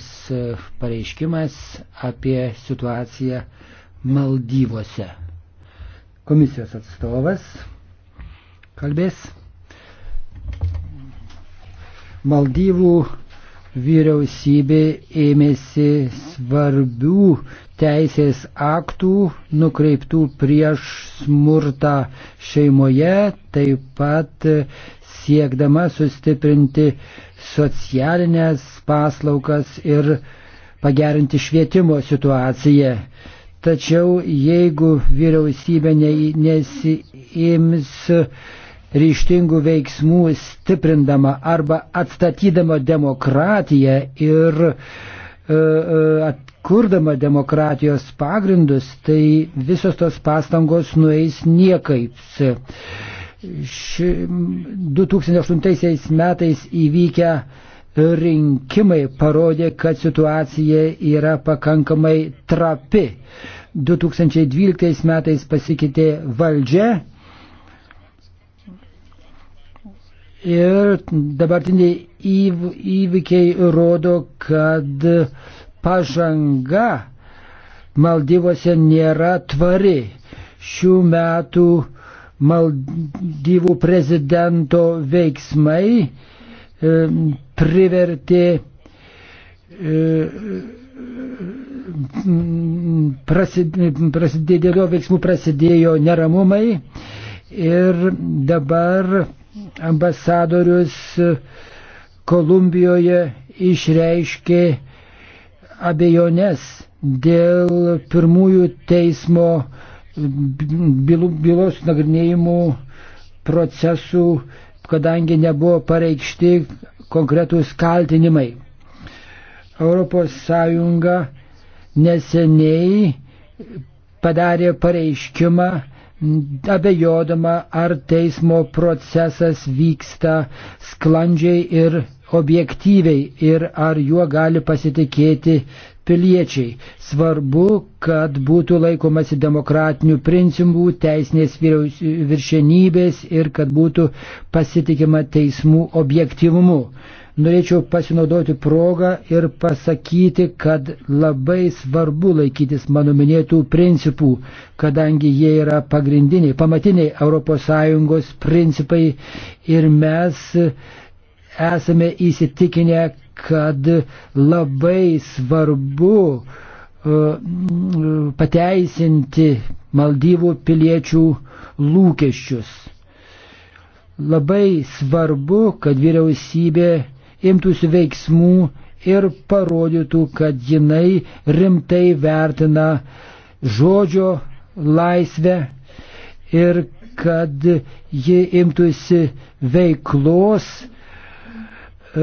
komisijos e, pareiškimas apie situaciją Maldyvose. Komisijos atstovas kalbės. Maldyvų vyriausybė ėmėsi svarbių teisės aktų nukreiptų prieš smurtą šeimoje, taip pat siekdama sustiprinti socialinės paslaugas ir pagerinti švietimo situaciją. Tačiau jeigu vyriausybė nesiims ryštingų veiksmų stiprindama arba atstatydama demokratiją ir e, e, atkurdama demokratijos pagrindus, tai visos tos pastangos nueis niekaip. Ši 2008 metais įvykę rinkimai parodė, kad situacija yra pakankamai trapi. 2012 metais pasikeitė valdžia ir dabartiniai įv įvykiai rodo, kad pažanga Maldyvose nėra tvari. Šių metų uh, Maldyvų prezidento veiksmai e, privertė e, prasidė, dėl jo veiksmų prasidėjo neramumai ir dabar ambasadorius Kolumbijoje išreiškė abejonės dėl pirmųjų teismo uh, bylų, bylos nagrinėjimų procesų, kadangi nebuvo pareikšti konkretūs kaltinimai. ES neseniai padarė pareiškimą abejodama, ar teismo procesas vyksta sklandžiai ir objektyviai ir ar juo gali pasitikėti piliečiai. Svarbu, kad būtų laikomasi demokratinių principų, teisinės viršenybės ir kad būtų pasitikima teismų objektivumu. Norėčiau pasinaudoti progą ir pasakyti, kad labai svarbu laikytis mano minėtų principų, kadangi jie yra pagrindiniai, pamatiniai ES principai ir mes esame įsitikinę, kad labai svarbu e, pateisinti Maldyvų piliečių lūkesčius. Labai svarbu, kad vyriausybė imtųsi veiksmų ir parodytų, kad jinai rimtai vertina žodžio laisvę ir kad ji imtųsi veiklos, E,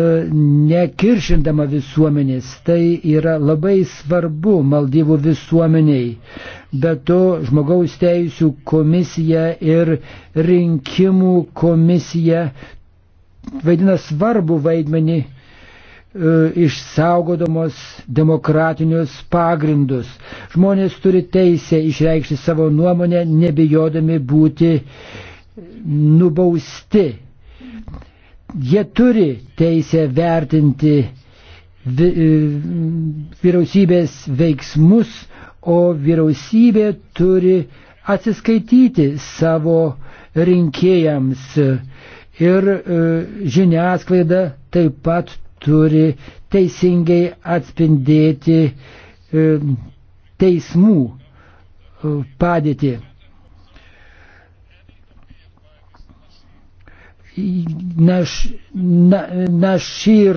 nekiršindama visuomenės. Tai yra labai svarbu Maldyvų visuomeniai. Be to, žmogaus teisų komisija ir rinkimų komisija vaidina svarbu vaidmenį e, išsaugodamos demokratinius pagrindus. Žmonės turi teisę išreikšti savo nuomonę, nebijodami būti nubausti jie turi teisę vertinti e, vyriausybės veiksmus, o vyriausybė turi atsiskaityti savo rinkėjams. Ir e, žiniasklaida taip pat turi teisingai atspindėti e, teismų padėtį. naš, na, našir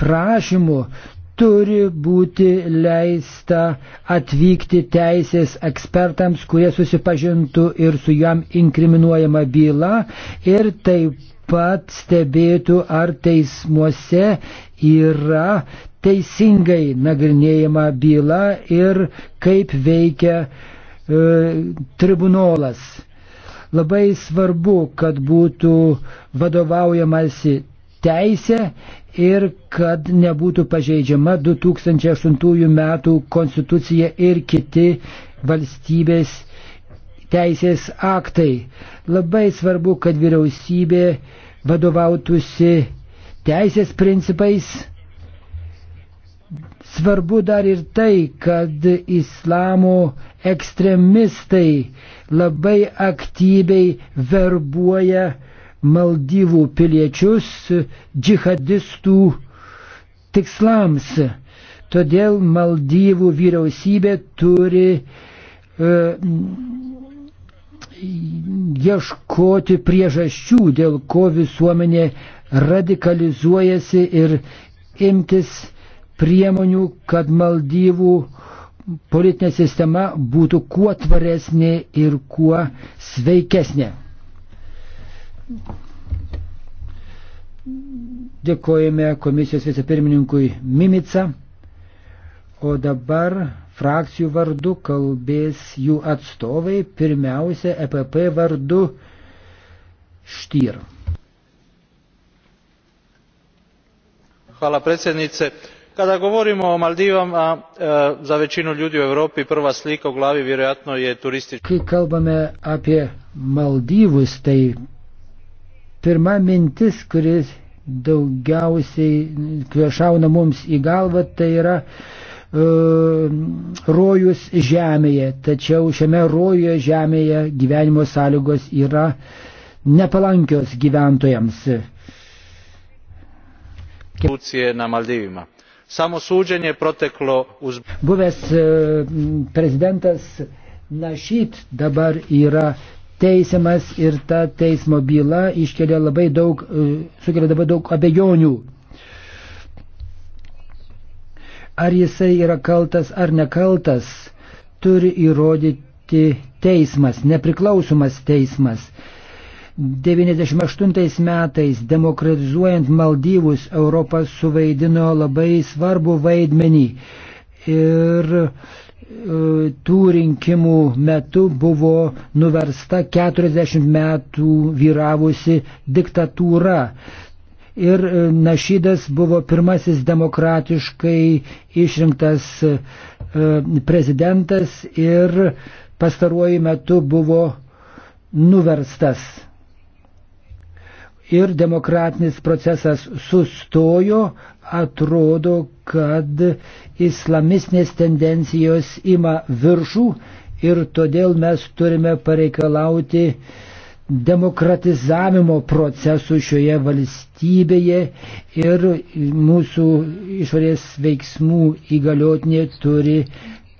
prašymu turi būti leista atvykti teisės ekspertams, kurie susipažintų ir su jam inkriminuojama byla ir taip pat stebėtų, ar teismuose yra teisingai nagrinėjama byla ir kaip veikia e, tribunolas Labai svarbu, kad būtų vadovaujamasi teisė ir kad nebūtų pažeidžiama 2008 metų konstitucija ir kiti valstybės teisės aktai. Labai svarbu, kad vyriausybė vadovautųsi teisės principais Svarbu dar ir tai, kad islamo ekstremistai labai aktyviai verbuoja Maldyvų piliečius džihadistų tikslams. Todėl Maldyvų vyriausybė turi e, ieškoti priežasčių, dėl ko visuomenė radikalizuojasi ir imtis priemonių, kad Maldyvų politinė sistema būtų kuo tvaresnė ir kuo sveikesnė. Dėkojame komisijos vicepirmininkui Mimica, o dabar frakcijų vardu kalbės jų atstovai, pirmiausia EPP vardu Štyr. Hvala predsjednice kada govorimo o maldivima e, za većinu ljudi u europi prva slika u glavi vjerojatno je turistička kai kalbame apie maldivus tai pirma mintis kuri daugiausiai kurie šauna mums į galvą tai yra e, rojus žemėje, tačiau šiame rojuje žemėje gyvenimo sąlygos yra nepalankios gyventojams. na maldivima Samo suđenje proteklo uz... Buvęs e, prezidentas Našyt dabar yra teisiamas ir ta teismo byla iškelia labai daug, e, sukelia labai daug abejonių. Ar jisai yra kaltas ar nekaltas, turi įrodyti teismas, nepriklausomas teismas. 98 metais demokratizuojant Maldyvus Europą suvaidino labai svarbu vaidmenį. Ir e, tų rinkimų metu buvo nuversta 40 metų vyravusi diktatūra. Ir e, Našydas buvo pirmasis demokratiškai išrinktas e, prezidentas ir pastaruoju metu buvo nuverstas ir demokratinis procesas sustojo, atrodo, kad islamistinės tendencijos ima viršų ir todėl mes turime pareikalauti demokratizavimo procesų šioje valstybėje ir mūsų išorės veiksmų įgaliotinė turi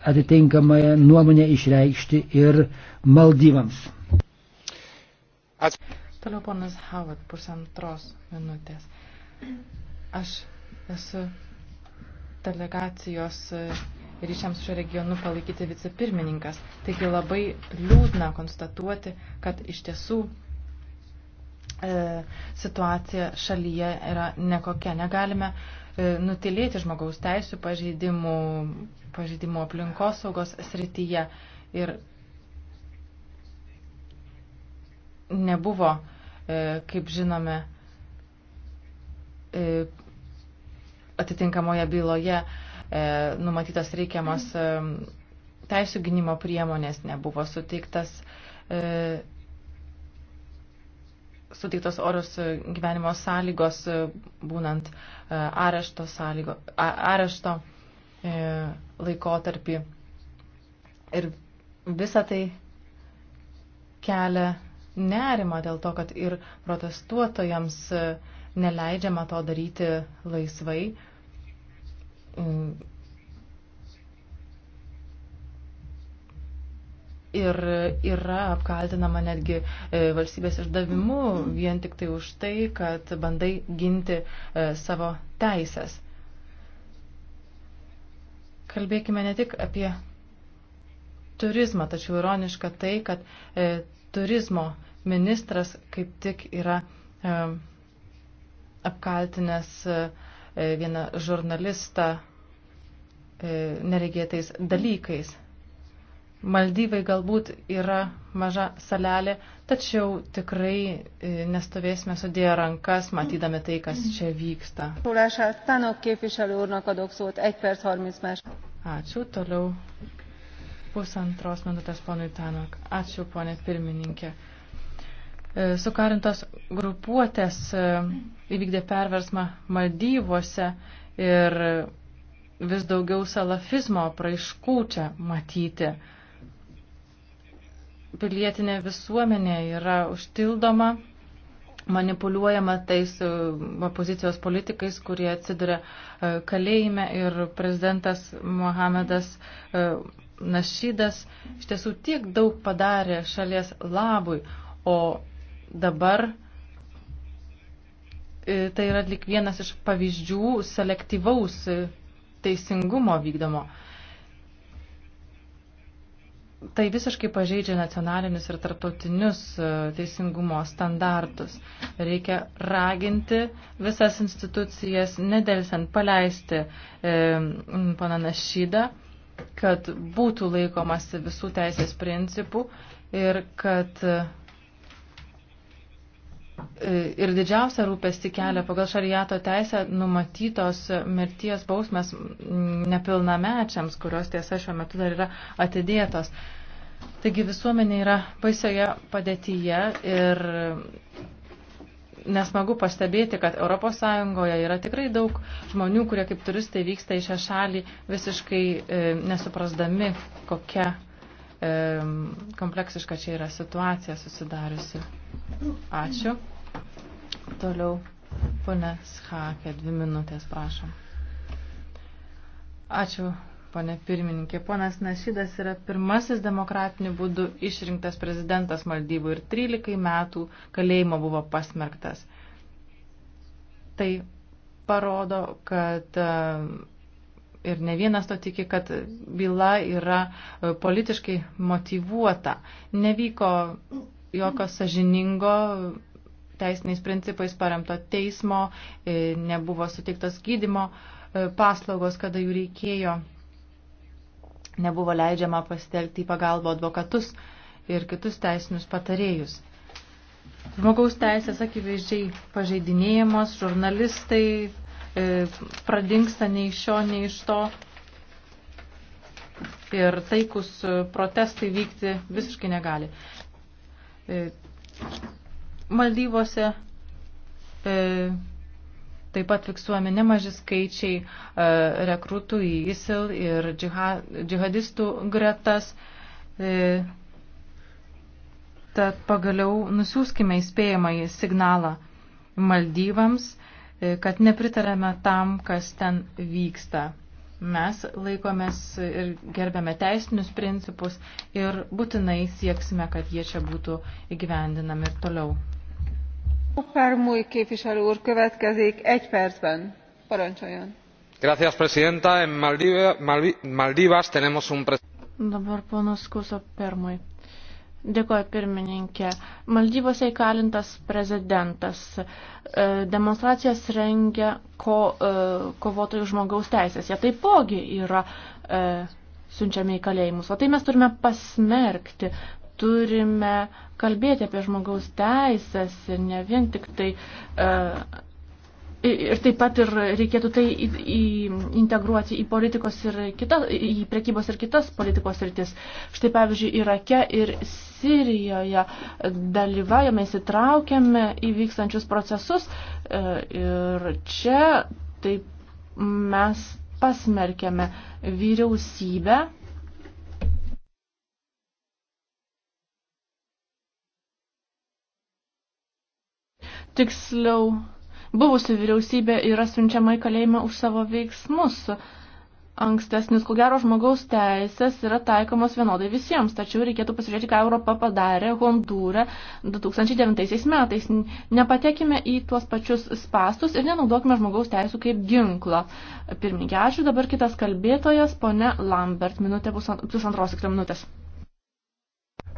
atitinkamą nuomonę išreikšti ir Maldyvams. Ačiū. Toliau ponas Howard pusantros minutės. Aš esu delegacijos ryšiams šio regionu palaikyti vicepirmininkas. Taigi labai liūdna konstatuoti, kad iš tiesų e, situacija šalyje yra nekokia. Negalime e, nutilėti žmogaus teisų pažeidimų, pažeidimų aplinkosaugos srityje. Ir nebuvo, e, kaip žinome, e, atitinkamoje byloje e, numatytas reikiamas teisų gynimo priemonės, nebuvo suteiktas, suteiktos orus gyvenimo sąlygos, būnant arešto, sąlygo, arešto laikotarpį. Ir visa tai kelia nerimą dėl to, kad ir protestuotojams e, neleidžiama to daryti laisvai. Mm. ir yra apkaltinama netgi e, valstybės išdavimu vien tik tai už tai, kad bandai ginti e, savo teisės. Kalbėkime ne tik apie turizmą, tačiau ironiška tai, kad turizmo ministras kaip tik yra e, apkaltinęs e, vieną žurnalistą e, neregėtais dalykais. Maldyvai galbūt yra maža salelė, tačiau tikrai e, nestovėsime sudėję rankas, matydami tai, kas čia vyksta. Ačiū, toliau pusantros minutės ponui Tanok. Ačiū, ponė pirmininkė. E, sukarintos grupuotės e, įvykdė perversmą Maldyvuose ir vis daugiau salafizmo praaiškų čia matyti. Pilietinė visuomenė yra užtildoma, manipuliuojama tais e, opozicijos politikais, kurie atsiduria kalėjime ir prezidentas Mohamedas Našydas iš tiesų tiek daug padarė šalies labui, o Dabar e, tai yra lik vienas iš pavyzdžių selektyvaus e, teisingumo vykdomo. Tai visiškai pažeidžia nacionalinius ir tarptautinius e, teisingumo standartus. Reikia raginti visas institucijas, nedelsiant paleisti e, pana Našydą, kad būtų laikomasi visų teisės principų ir kad e, E, ir didžiausia rūpesti kelia pagal šariato teisę numatytos mirties bausmės nepilnamečiams, kurios tiesa šiuo metu dar yra atidėtos. Taigi visuomenė yra baisioje padėtyje ir nesmagu pastebėti, kad ES yra tikrai daug žmonių, kurie kaip turistai vyksta į šią šalį visiškai e, nesuprasdami, kokia e, kompleksiška čia yra situacija susidariusi. Ačiū. Toliau, ponė Schakė, dvi minutės, prašom. Ačiū, ponė pirmininkė. Ponas Našydas yra pirmasis demokratiniu būdu išrinktas prezidentas Maldybų ir 13 metų kalėjimo buvo pasmerktas. Tai parodo, kad e, ir ne vienas to tiki, kad byla yra e, politiškai motivuota. Nevyko jokio sažiningo teisiniais principais paremto teismo, e, nebuvo suteiktos gydimo e, paslaugos, kada jų reikėjo, nebuvo leidžiama pasitelkti į pagalbą advokatus ir kitus teisinius patarėjus. Žmogaus teisės akivaizdžiai pažeidinėjamos, žurnalistai e, pradingsta nei iš šio, nei iš to. Ir taikus protestai vykti visiškai negali. E, Maldyvose e, taip pat fiksuojami nemaži skaičiai e, rekrutų į ISIL ir džihadistų gretas. Tad pagaliau nusiųskime įspėjamąjį signalą Maldyvams, kad nepritarėme tam, kas ten vyksta. Mes laikomės ir gerbėme teisinius principus ir būtinai sieksime, kad jie čia būtų įgyvendinami ir toliau. Gracias, presidenta. En Maldivas tenemos un presidente. Dabar ponas Kuso Permui. Dėkoju pirmininkė. Maldyvose įkalintas prezidentas. E, demonstracijas rengia ko, e, kovotojų žmogaus teisės. Jie taipogi yra e, siunčiami į kalėjimus. O tai mes turime pasmerkti, turime kalbėti apie žmogaus teisės ir ne vien tik tai e, Ir taip pat ir reikėtų tai į, į, integruoti į, politikos ir kita, į prekybos ir kitas politikos rytis. Štai pavyzdžiui, Irake ir Sirijoje dalyvaujame, įsitraukiame į vykstančius procesus e, ir čia taip mes pasmerkėme vyriausybę tiksliau buvusi vyriausybė yra siunčiama į kalėjimą už savo veiksmus. Ankstesnis, ko gero, žmogaus teisės yra taikomos vienodai visiems, tačiau reikėtų pasižiūrėti, ką Europa padarė Hondūre 2009 metais. Nepatekime į tuos pačius spastus ir nenaudokime žmogaus teisų kaip ginklo. Pirmininkė, ačiū. Dabar kitas kalbėtojas, ponia Lambert, minutė pusantros minutės.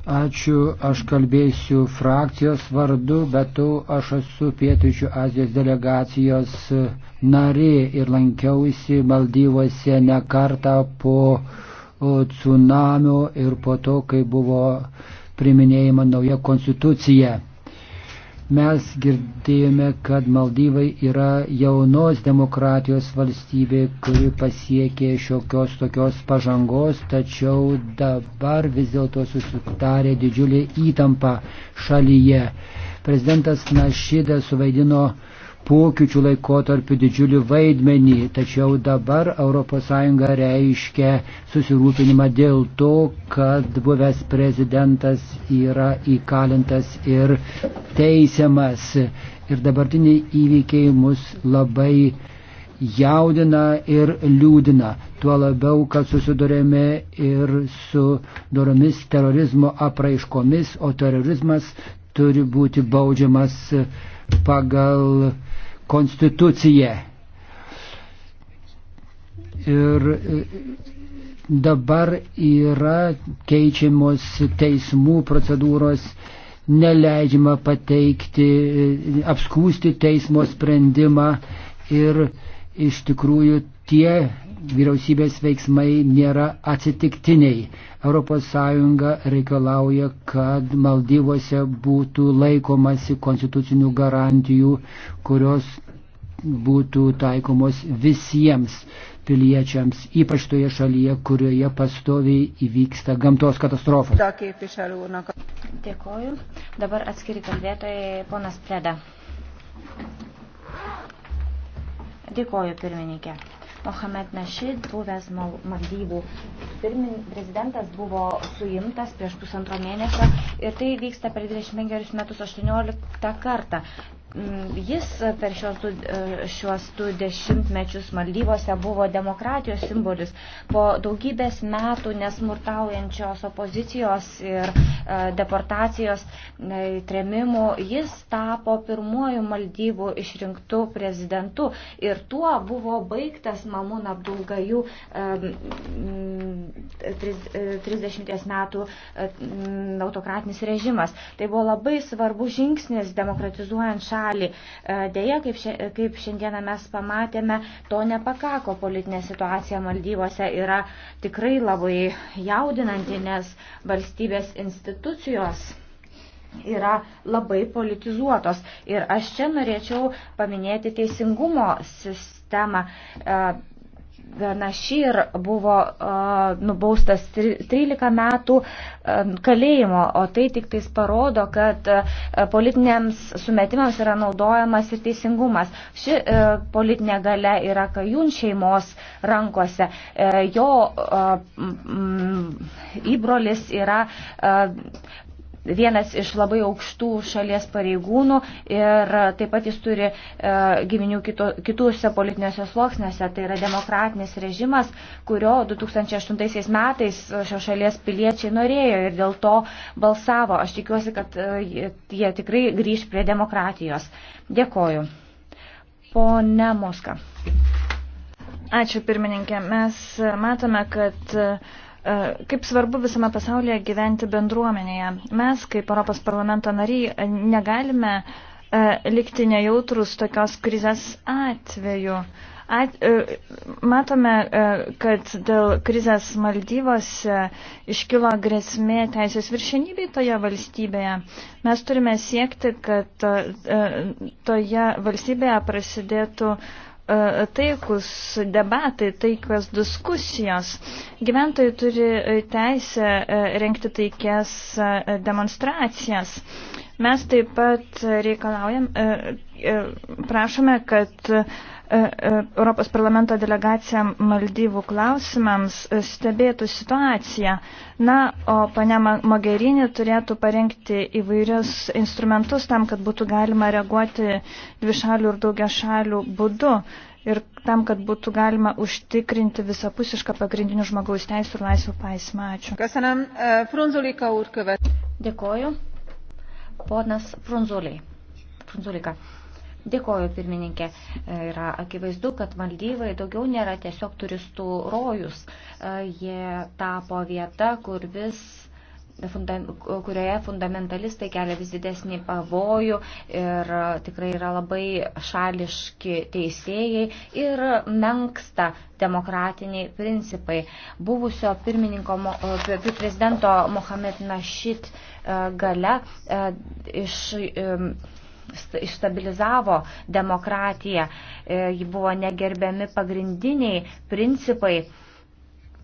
Ačiū, aš kalbėsiu frakcijos vardu, bet tu aš esu Pietričių Azijos delegacijos narė ir lankiausi Maldyvose ne kartą po tsunamio ir po to, kai buvo priminėjama nauja konstitucija. Mes girdėjome, kad Maldyvai yra jaunos demokratijos valstybė, kuri pasiekė šiokios tokios pažangos, tačiau dabar vis dėlto susitarė didžiulė įtampa šalyje. Prezidentas Našidas suvaidino pokyčių laikotarpiu didžiulį vaidmenį, tačiau dabar ES reiškia susirūpinimą dėl to, kad buvęs prezidentas yra įkalintas ir teisiamas. Ir dabartiniai įvykiai mus labai jaudina ir liūdina. Tuo labiau, kad susidurėme ir su doromis terorizmo apraiškomis, o terorizmas turi būti baudžiamas pagal konstituciją. Ir e, dabar yra keičiamos teismų procedūros, neleidžiama pateikti, e, apskūsti teismo sprendimą ir iš tikrųjų tie vyriausybės veiksmai nėra atsitiktiniai. ES reikalauja, kad Maldyvose būtų laikomasi konstitucinių garantijų, kurios būtų taikomos visiems piliečiams, ypač toje šalyje, kurioje pastoviai įvyksta gamtos katastrofos. Dėkoju. Dabar atskiri kalbėtojai, ponas Preda. Dėkoju, pirmininkė. Mohamed Našid, buvęs Maldyvų pirmin, prezidentas, buvo suimtas prieš pusantro mėnesio ir tai vyksta per 25 metus 18 kartą. Mm, jis e, per šios du, e, šios du dešimtmečius Maldyvose buvo demokratijos simbolis. Po daugybės metų nesmurtaujančios opozicijos ir e, deportacijos tremimų jis tapo pirmuoju Maldyvų išrinktu prezidentu. Ir tuo buvo baigtas Mamun Abdulgajų 30 metų autokratinis režimas. Tai buvo labai svarbus žingsnis demokratizuojant šalį šalį. E, Deja, kaip, šia, kaip šiandieną mes pamatėme, to nepakako. Politinė situacija Maldyvose yra tikrai labai jaudinanti, nes valstybės institucijos yra labai politizuotos. Ir aš čia norėčiau paminėti teisingumo sistemą. E, Benašyr buvo uh, nubaustas 13 metų uh, kalėjimo, o tai tik tais parodo, kad uh, politiniams sumetimams yra naudojamas ir teisingumas. Ši uh, politinė gale yra Kajun šeimos rankose. Uh, jo uh, mm, įbrolis yra uh, vienas iš labai aukštų šalies pareigūnų ir taip pat jis turi e, giminių kito, kitose politinėse sluoksniuose. Tai yra demokratinis režimas, kurio 2008 metais šio šalies piliečiai norėjo ir dėl to balsavo. Aš tikiuosi, kad e, jie tikrai grįž prie demokratijos. Dėkoju. Pone Moska. Ačiū pirmininkė. Mes matome, kad E, kaip svarbu visame pasaulyje gyventi bendruomenėje. Mes, kaip Europos parlamento nariai, e, negalime e, likti nejautrus tokios krizės atveju. At, matome, kad dėl krizės Maldyvose iškilo grėsmė teisės viršenybei toje valstybėje. Mes turime siekti, kad toje valstybėje prasidėtų uh, E, taikus debatai, taikios diskusijos. Gyventojai turi e, teisę e, renkti taikės demonstracijas. Mes taip pat reikalaujam, prašome, kad E, e, Europos parlamento delegacija Maldyvų klausimams e, stebėtų situaciją. Na, o pane Mogherini turėtų parengti įvairius instrumentus tam, kad būtų galima reaguoti dvišalių ir daugia šalių būdu ir tam, kad būtų galima užtikrinti visapusišką pagrindinių žmogaus teisų ir laisvų paismą. Ačiū. Dėkoju. Ponas Frunzuliai. Frunzulika. Dėkoju, pirmininkė. E, yra akivaizdu, kad Maldyvai daugiau nėra tiesiog turistų rojus. E, jie tapo vieta, kur vis kurioje fundamentalistai kelia vis didesnį pavojų ir tikrai yra labai šališki teisėjai ir menksta demokratiniai principai. Buvusio pirmininko e, prezidento Mohamed Našit gale iš stabilizavo demokratiją, e, ji buvo negerbiami pagrindiniai principai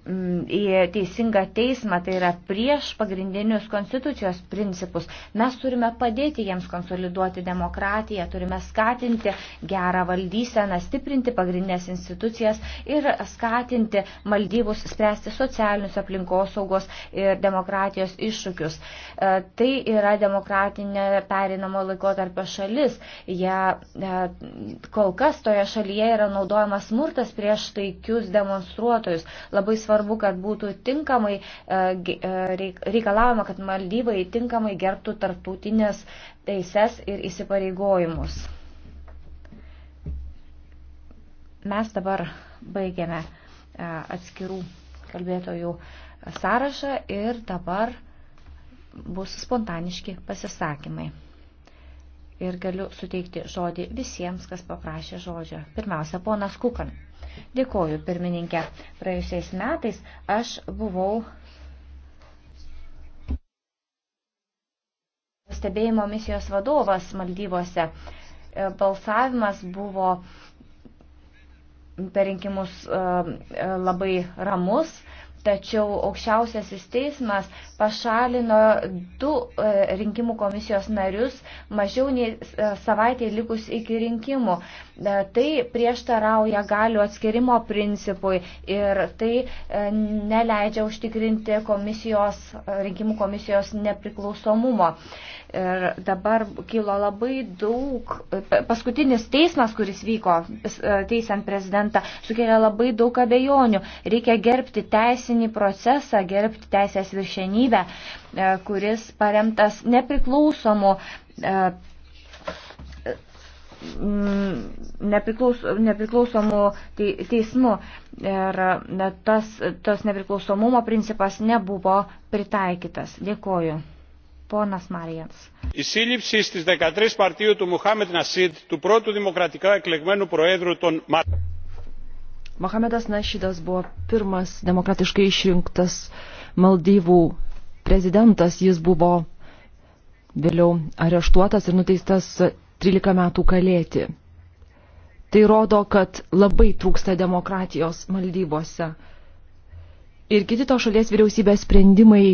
į teisingą teismą, tai yra prieš pagrindinius konstitucijos principus. Mes turime padėti jiems konsoliduoti demokratiją, turime skatinti gerą valdyseną, stiprinti pagrindinės institucijas ir skatinti maldyvus spręsti socialinius aplinkosaugos ir demokratijos iššūkius. E, tai yra demokratinė perinamo laikotarpio šalis. Jie, e, kol kas toje šalyje yra naudojamas smurtas prieš taikius demonstruotojus. Labai svarbu svarbu, kad būtų tinkamai e, e, reikalavimo, kad Maldyvai tinkamai gerbtų tarptautinės teises ir įsipareigojimus. Mes dabar baigiame e, atskirų kalbėtojų sąrašą ir dabar bus spontaniški pasisakymai ir galiu suteikti žodį visiems, kas paprašė žodžio. Pirmiausia, ponas Kukan. Dėkoju, pirmininkė. Praėjusiais metais aš buvau stebėjimo misijos vadovas Maldyvose. Balsavimas buvo per rinkimus e, e, labai ramus tačiau aukščiausiasis teismas pašalino du e, rinkimų komisijos narius mažiau nei e, savaitė likus iki rinkimų. E, tai prieštarauja galių atskirimo principui ir tai neleidžia užtikrinti komisijos, rinkimų komisijos nepriklausomumo. Ir dabar kilo labai daug, paskutinis teismas, kuris vyko e, teisiant prezidentą, sukėlė labai daug abejonių. Reikia gerbti teisinį procesą, gerbti teisės viršenybę, e, kuris paremtas nepriklausomu e, mm, nepriklaus, nepriklausomų teismų ir tas, tas nepriklausomumo principas nebuvo pritaikytas. Dėkoju. Ponas Marijas. Η σύλληψη στις 13 Μαρτίου του Μουχάμετ Νασίδ, του πρώτου δημοκρατικά εκλεγμένου Προέδρου των Μαρτίων. Mohamedas Našidas buvo pirmas demokratiškai išrinktas Maldyvų prezidentas. Jis buvo vėliau areštuotas ir nuteistas 13 metų kalėti. Tai rodo, kad labai trūksta demokratijos Maldyvose. Ir kiti to šalies vyriausybės sprendimai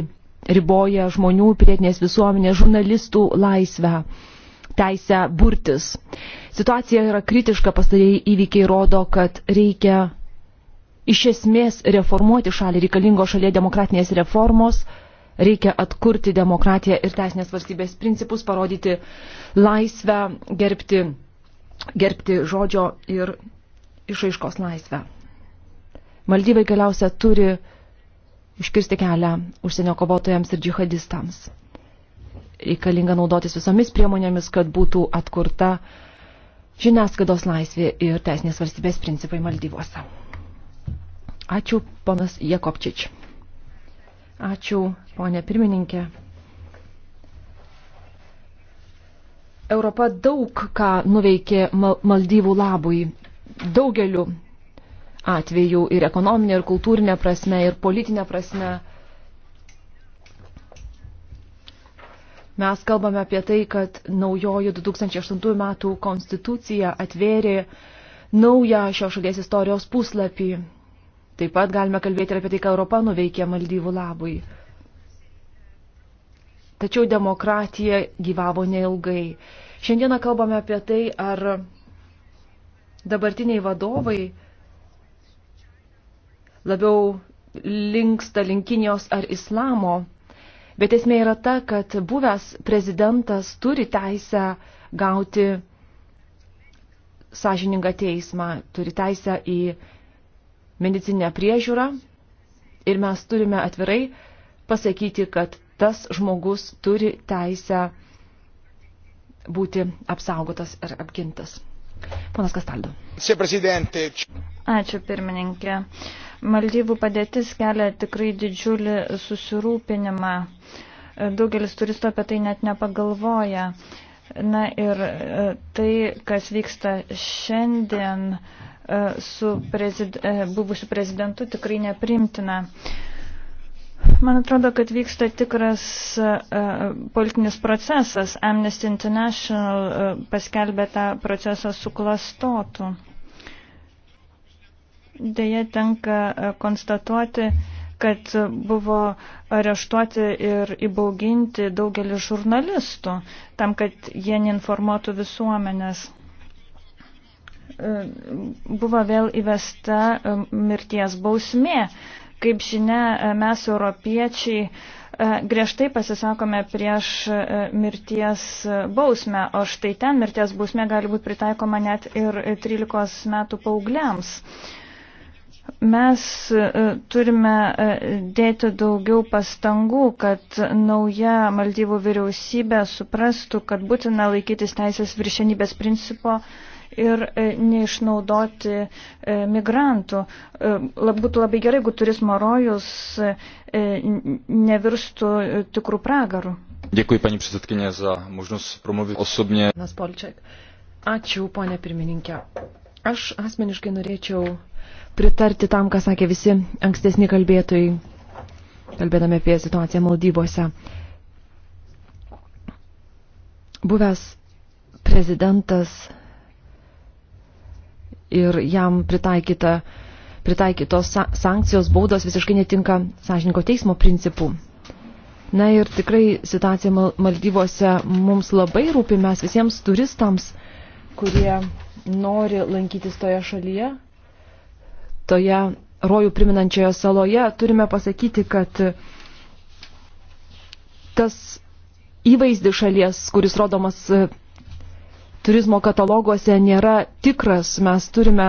riboja žmonių, pilietinės visuomenės, žurnalistų laisvę, teisę burtis. Situacija yra kritiška, pastarėjai įvykiai rodo, kad reikia iš esmės reformuoti šalį, reikalingo šalyje demokratinės reformos, reikia atkurti demokratiją ir teisinės valstybės principus, parodyti laisvę, gerbti, gerbti žodžio ir išaiškos laisvę. Maldyvai galiausia turi užkirsti kelią užsienio kovotojams ir džihadistams. Reikalinga naudotis visomis priemonėmis, kad būtų atkurta žiniasklaidos laisvė ir teisinės valstybės principai Maldyvose. Ačiū, ponas Jekopčič. Ačiū, ponė pirmininkė. Europa daug ką nuveikė Maldyvų labui daugeliu atveju ir ekonominė, ir kultūrinė prasme, ir politinė prasme. Mes kalbame apie tai, kad naujoji 2008 metų konstitucija atvėrė naują šios šalies istorijos puslapį. Taip pat galime kalbėti ir apie tai, ką Europa nuveikė Maldyvų labui. Tačiau demokratija gyvavo neilgai. Šiandieną kalbame apie tai, ar dabartiniai vadovai labiau linksta linkinijos ar islamo, bet esmė yra ta, kad buvęs prezidentas turi teisę gauti sąžiningą teismą, turi teisę į medicinę priežiūrą ir mes turime atvirai pasakyti, kad tas žmogus turi teisę būti apsaugotas ir apgintas. Ponas Kastaldo. Ačiū pirmininkė. Maldyvų padėtis kelia tikrai didžiulį susirūpinimą. Daugelis turistų apie tai net nepagalvoja. Na ir e, tai, kas vyksta šiandien e, su prezid... E, buvusiu prezidentu, tikrai neprimtina. Man atrodo, kad vyksta tikras uh, politinis procesas. Amnesty International uh, paskelbė tą procesą suklastotų. Deja, tenka uh, konstatuoti, kad buvo areštuoti ir įbauginti daugelis žurnalistų, tam, kad jie neinformuotų visuomenės buvo vėl įvesta mirties bausmė. Kaip žinia, e, mes europiečiai e, griežtai pasisakome prieš e, mirties bausmę, o štai ten mirties bausmė gali būti pritaikoma net ir 13 metų paaugliams. Mes turime dėti daugiau pastangų, kad nauja Maldyvų vyriausybė suprastų, kad būtina laikytis teisės viršenybės principo ir e, neišnaudoti e, migrantų. E, būtų labai gerai, jeigu turizmo rojus nevirstų tikrų pragarų. Dėkui, pani prisitkinė, za možnost promluvyti osobne. Nas Polčiak. Ačiū, ponė pirmininkė. Aš asmeniškai norėčiau pritarti tam, ką sakė visi ankstesni kalbėtojai, kalbėdami apie situaciją Maldybose. Buvęs prezidentas ir jam pritaikyta, pritaikytos sankcijos baudos visiškai netinka sąžininko teismo principų. Na ir tikrai situacija Maldyvose mums labai rūpi, mes visiems turistams, kurie nori lankytis toje šalyje, toje rojų priminančioje saloje, turime pasakyti, kad tas įvaizdis šalies, kuris rodomas turizmo kataloguose nėra tikras. Mes turime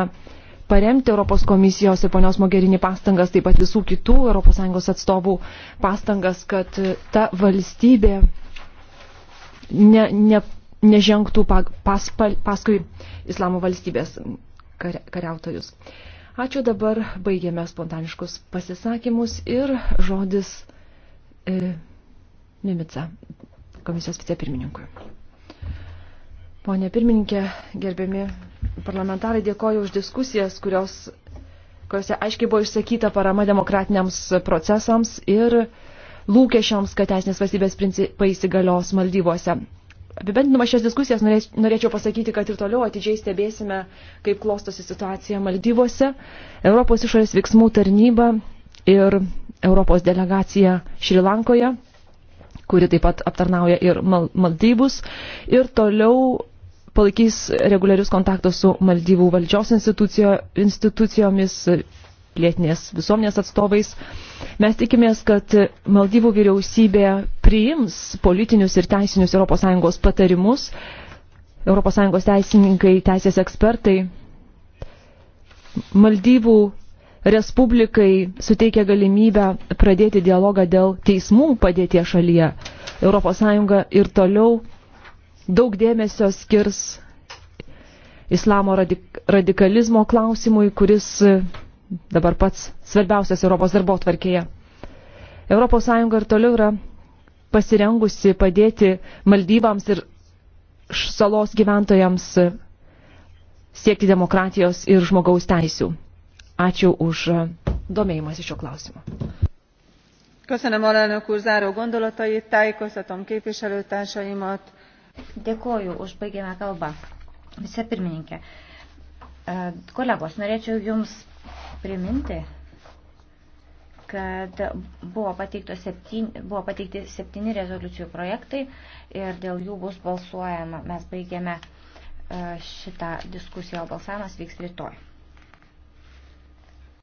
paremti Europos komisijos ir ponios Mogerini pastangas, taip pat visų kitų ES atstovų pastangas, kad ta valstybė ne, ne, nežengtų pas, pas, paskui islamo valstybės kariautojus. Ačiū dabar, baigėme spontaniškus pasisakymus ir žodis e, Mimica komisijos vicepirmininkui. Pone pirmininkė, gerbiami parlamentarai, dėkoju už diskusijas, kurios, kuriuose aiškiai buvo išsakyta parama demokratiniams procesams ir lūkesčiams, kad teisinės valstybės principai įsigalios Maldyvose. Apibendinama šias diskusijas norėč, norėčiau pasakyti, kad ir toliau atidžiai stebėsime, kaip klostosi situacija Maldyvose. Europos išorės veiksmų tarnyba ir Europos delegacija Šrilankoje, kuri taip pat aptarnauja ir Maldyvus. Ir toliau palaikys reguliarius kontaktus su Maldyvų valdžios institucijo, institucijomis, plėtinės visuomenės atstovais. Mes tikimės, kad Maldyvų vyriausybė priims politinius ir teisinius ES patarimus, ES teisininkai, teisės ekspertai. Maldyvų Respublikai suteikia galimybę pradėti dialogą dėl teismų padėtie šalyje. ES ir toliau daug dėmesio skirs islamo radik radikalizmo klausimui, kuris dabar pats svarbiausias Europos darbo tvarkėje. ES ir toliau yra pasirengusi padėti Maldyvams ir salos gyventojams siekti demokratijos ir žmogaus teisių. Ačiū už domėjimąsi šio klausimu. Köszönöm alelnök úr záró gondolatait, tájékoztatom képviselőtársaimat, Dėkoju už baigiamą kalbą. Vise pirmininkė. E, kolegos, norėčiau Jums priminti, kad buvo, septyni, buvo pateikti septyni rezoliucijų projektai ir dėl jų bus balsuojama. Mes baigėme e, šitą diskusiją, o balsavimas vyks rytoj.